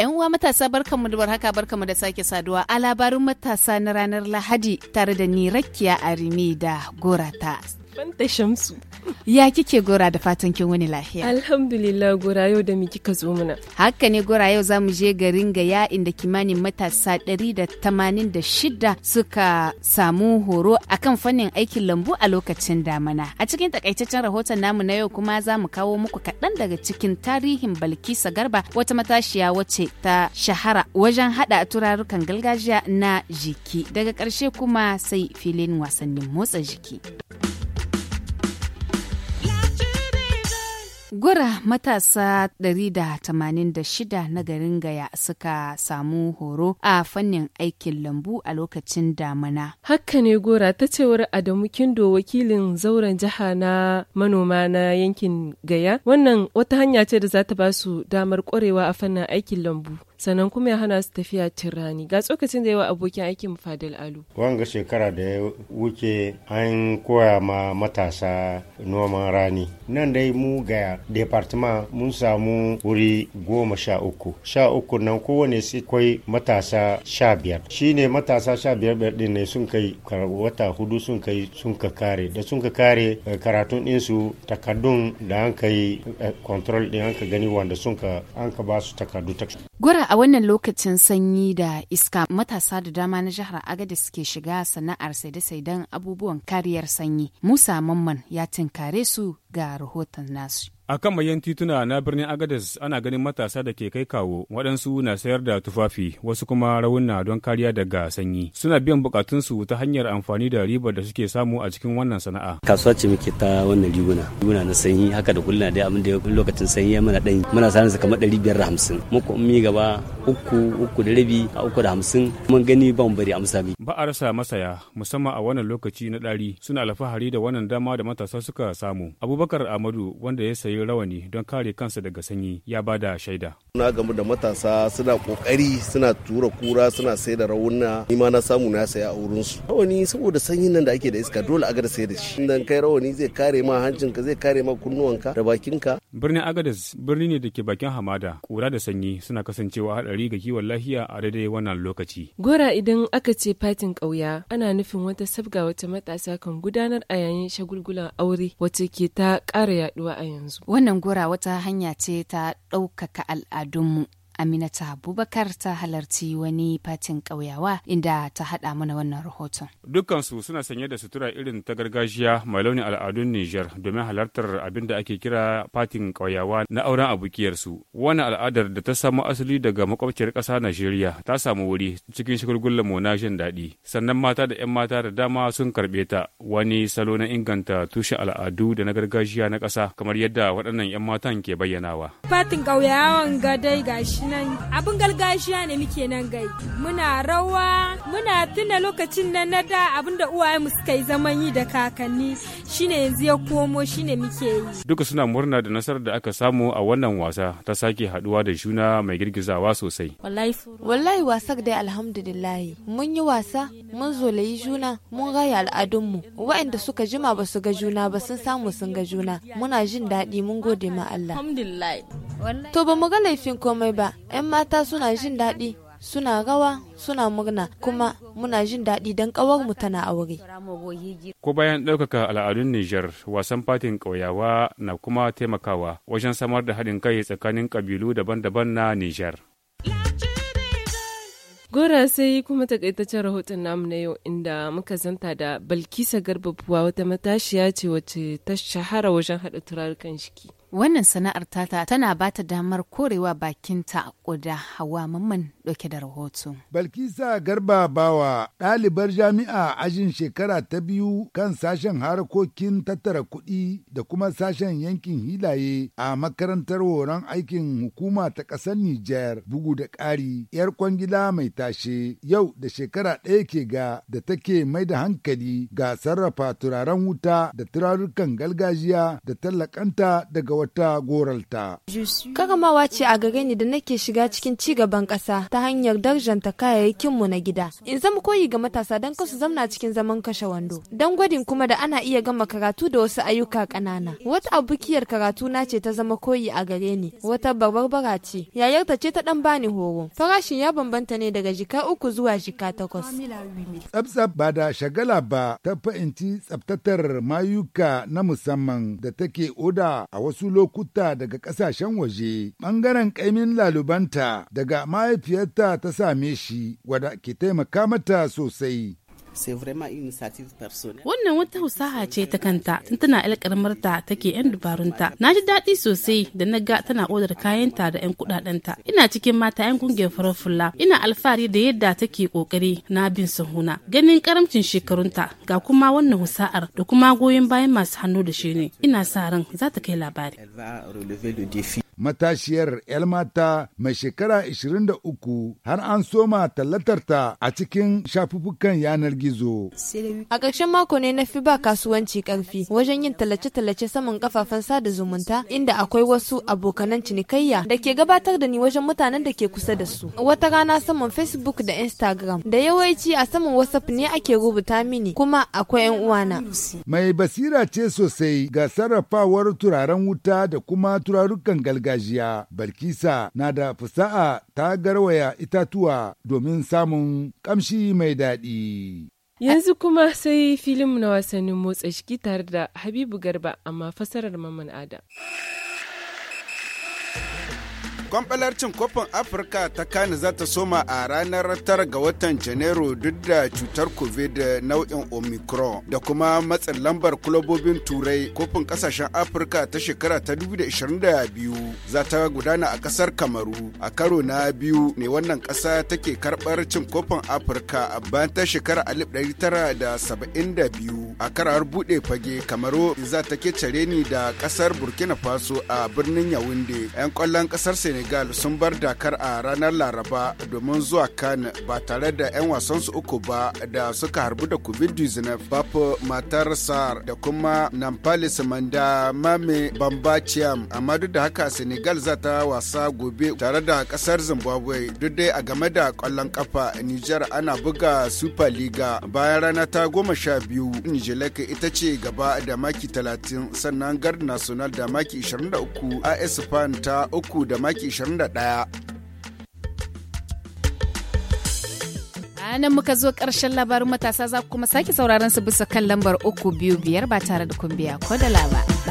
'yan uwa matasa barkanmu da barka barkanmu da sake saduwa a labarin matasa na ranar Lahadi tare da ni Rakiya Arimi da Gorata. Fanta Shamsu. Ya kike gora da fatan kin wani lafiya? Alhamdulillah gora yau da miki ka zo muna. Haka ne gora yau za mu je garin Gaya inda kimanin matasa ɗari da da tamanin 186 suka samu horo akan fannin aikin lambu a lokacin damana. A cikin takaitaccen rahoton namu na yau kuma za mu kawo muku kaɗan daga cikin tarihin Balkisa Garba wata matashiya wacce ta shahara wajen haɗa turarukan gargajiya na jiki. Daga ƙarshe kuma sai filin wasannin motsa jiki. Gura matasa 186 na garin Gaya suka samu horo a fannin aikin lambu a lokacin damuna. Haka ne Gora ta cewar Adamu Kindo wakilin zauren jiha na manoma na yankin Gaya. Wannan wata hanya ce da za ta ba su damar kwarewa a fannin aikin lambu. sannan kuma ya hana su tafiya rani ga tsokacin da yawa abokin aikin fadil alu wanga shekara da ya wuce an koya ma matasa noman rani nan dai mu ga departement mun samu wuri goma sha uku sha uku nan kowane su kai matasa sha biyar shine matasa sha biyar biyar ne sun kai wata hudu sun kai sun ka kare da sun ka kare eh, karatun ɗinsu takardun da an kai eh, control din an ka gani wanda sun ka an ka ba su takardu Gura a wannan lokacin sanyi da iska matasa da dama na jihar agadi suke shiga sana'ar saide-saiden abubuwan kariyar sanyi. Musa Mamman ya tinkare su ga rahoton nasu. A kan mayan tituna na birnin agadas ana ganin matasa da ke kai kawo waɗansu na sayar da tufafi wasu kuma rauna don kariya daga sanyi. Suna biyan bukatunsu ta hanyar amfani da ribar da suke samu a cikin wannan sana'a. Kasuwa ce muke ta wannan riguna. Riguna na sanyi haka da kullum dai abin da lokacin sanyi mana ɗan muna sanin kamar ɗari biyar da hamsin. Muku mi gaba uku uku da rabi a uku da hamsin mun gani ba mu bari amsa mi. Ba a rasa masaya musamman a wannan lokaci na ɗari suna alfahari da wannan dama da matasa suka samu. Abubakar Amadu wanda ya sayi yi rawani don kare kansa daga sanyi ya ba da shaida. Na gamu da matasa suna kokari suna tura kura suna sai da rawuna ni ma na samu na saya a wurin su. Rawani saboda sanyin nan da ake da iska dole a ga sai da shi. Dan kai rawani zai kare ma hancinka zai kare ma kunnuwanka da bakinka. Birnin Agadez birni ne da ke bakin hamada kura da sanyi suna kasancewa hadari ga kiwon lafiya a daidai wannan lokaci. Gora idan aka ce fatin kauya ana nufin wata sabga wata matasa kan gudanar a yayin shagulgulan aure wacce ke ta kara yaduwa a yanzu. Wannan gora wata hanya ce ta ɗaukaka al'adunmu. Aminata Abubakar ta halarci wani fatin ƙauyawa inda ta haɗa mana wannan rahoton. Dukkansu suna sanye da sutura irin ta gargajiya mai launin al'adun Nijar domin halartar abin da ake kira fatin ƙauyawa na auren abukiyarsu. Wani al'adar da ta samo asali daga makwabciyar ƙasa Najeriya ta samu wuri cikin shagulgullar mu na jin daɗi. Sannan mata da 'yan mata da dama sun karɓe ta wani salo na inganta tushen al'adu da na gargajiya na ƙasa kamar yadda waɗannan 'yan matan ke bayyanawa. Fatin ƙauyawan gadai gashi nan abin gargajiya ne muke nan gai muna rawa muna tuna lokacin nan na da abin da uwayenmu suka yi zaman yi da kakanni shine yanzu ya komo shine muke yi duka suna murna da nasarar da aka samu a wannan wasa ta sake haduwa da juna mai girgizawa sosai wallahi wasak dai alhamdulillah mun yi wasa mun zolayi juna mun raya al'adunmu wa'anda suka jima ba su ga juna ba sun samu sun ga juna muna jin daɗi mun gode ma Allah alhamdulillah To ba mu ga laifin komai ba, 'yan mata suna jin daɗi, suna rawa, suna murna, kuma muna jin daɗi don mu tana aure. Ko bayan ɗaukaka al'adun Nijar, wasan fatin ƙauyawa na kuma taimakawa wajen samar da haɗin kai tsakanin ƙabilu daban-daban na Nijar. Gora sai kuma takaitaccen rahoton namu na yau inda muka zanta da Balkisa Garba wata matashiya ce wacce ta shahara wajen haɗa turarukan shiki. Wannan sana'ar tata tana ba ta damar korewa bakinta ƙuda hawa mamman ɗauke da rahoto. Balkisa Garba Bawa ɗalibar jami'a ajin shekara ta biyu kan sashen harkokin tattara kuɗi da kuma sashen yankin hilaye a makarantar horon aikin hukuma ta ƙasar Nijar bugu da ƙari 'yar kwangila mai tashe yau da shekara ɗaya ke ga da take mai da hankali ga sarrafa turaren wuta da turarukan gargajiya da tallakanta daga wata goralta. Karamawa ce a gare ni da nake shiga cikin ci gaban ƙasa ta hanyar darjanta kayayyakinmu na gida. In zama koyi ga matasa don kasu zamna cikin zaman kashe wando. Don gwadin kuma da ana iya gama karatu da wasu ayyuka ƙanana. Wata abukiyar karatu na ce ta zama koyi a gare ni. Wata barbarbara ce. Yayarta ce ta ɗan bani horo. Farashin ya bambanta ne daga jika uku zuwa jika takwas. tsabtsa ba da shagala ba ta fahimci tsabtatar mayuka na musamman da take oda a wasu lokuta daga ƙasashen waje ɓangaren ƙaimin lalubanta daga mahaifiyarta ta same shi wada ke taimaka mata sosai Wannan wata husaha ce ta kanta tun tana ƴar ta take yan dubarunta. Na ji daɗi sosai da na ga tana odar kayanta da yan kuɗaɗenta. Ina cikin mata yan kungiyar farar Ina alfahari da yadda take kokari na bin sahuna. Ganin karamcin shekarunta ga kuma wannan husa'ar da kuma goyon bayan masu hannu da shi ne. Ina sa ran za ta kai labari. matashiyar elmata mai shekara 23 har an soma tallatarta a cikin shafuffukan yanar gizo. A ƙarshen mako ne na fi ba kasuwanci ƙarfi wajen yin tallace-tallace saman kafafen sada zumunta inda akwai wasu abokanan cinikayya da ke gabatar da ni wajen mutanen da ke kusa da su. Wata rana saman Facebook da Instagram da yawanci a saman WhatsApp ne ake rubuta mini kuma akwai 'yan uwana. Mai basira ce sosai ga sarrafawar turaren wuta da kuma turarukan gargajiya. gajiya balkisa na da fusa'a ta garwaya itatuwa domin samun kamshi mai daɗi. Yanzu kuma sai filin na wasannin motsa shiki tare da Habibu Garba amma fasarar Maman Adam. kwamfalar cin kofin afirka ta kani za ta soma a ranar tara ga watan janairu duk da cutar covid nau'in omicron da kuma matsin lambar kulobobin turai kofin kasashen afirka ta shekara ta 2022 za ta gudana a kasar kamaru a karo na biyu ne wannan kasa take karbar cin kofin afirka a bayan ta shekara 1972 a karar bude fage kamaru za ta ke cire ni da kasar burkina faso a birnin yawunde 'yan kwallon kasar senegal senegal sun bar dakar a ranar laraba domin zuwa kan ba tare da 'yan wasansu uku ba da suka harbu da covid-19 bapu matar sar da kuma nampalis manda mame bambaciam amma duk da haka senegal za ta wasa gobe tare da kasar zimbabwe duk dai a game da kwallon kafa niger ana buga super liga bayan rana ta goma sha biyu nijeleka ita ce gaba da maki 30 sannan gard national da maki 23 as fan ta uku da maki 2021 nan muka zo ƙarshen labarin matasa za ku kuma sake sauraron su bisa kan lambar uku biyu biyar ba tare da kumbiya ko da laba.